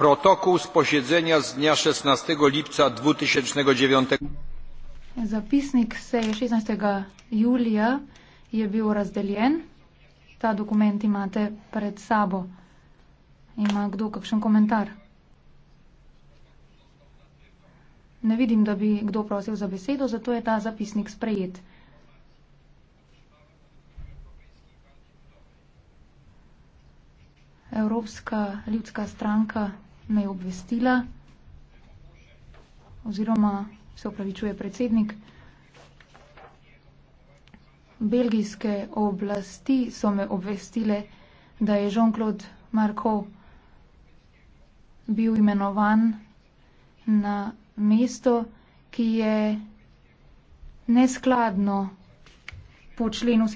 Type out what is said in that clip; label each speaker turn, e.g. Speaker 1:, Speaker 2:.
Speaker 1: Protokół z posiedzenia z dnia 16 lipca 2009
Speaker 2: Zapisnik seje 16. julija je bil razdeljen. Ta dokument imate pred sabo. Ima kdo kakšen komentar? Ne vidim, da bi kdo prosil za besedo, zato je ta zapisnik sprejet. Evropska ljudska stranka me je obvestila, oziroma se opravičuje predsednik. Belgijske oblasti so me obvestile, da je Jean-Claude Marko bil imenovan na mesto, ki je neskladno
Speaker 3: po členu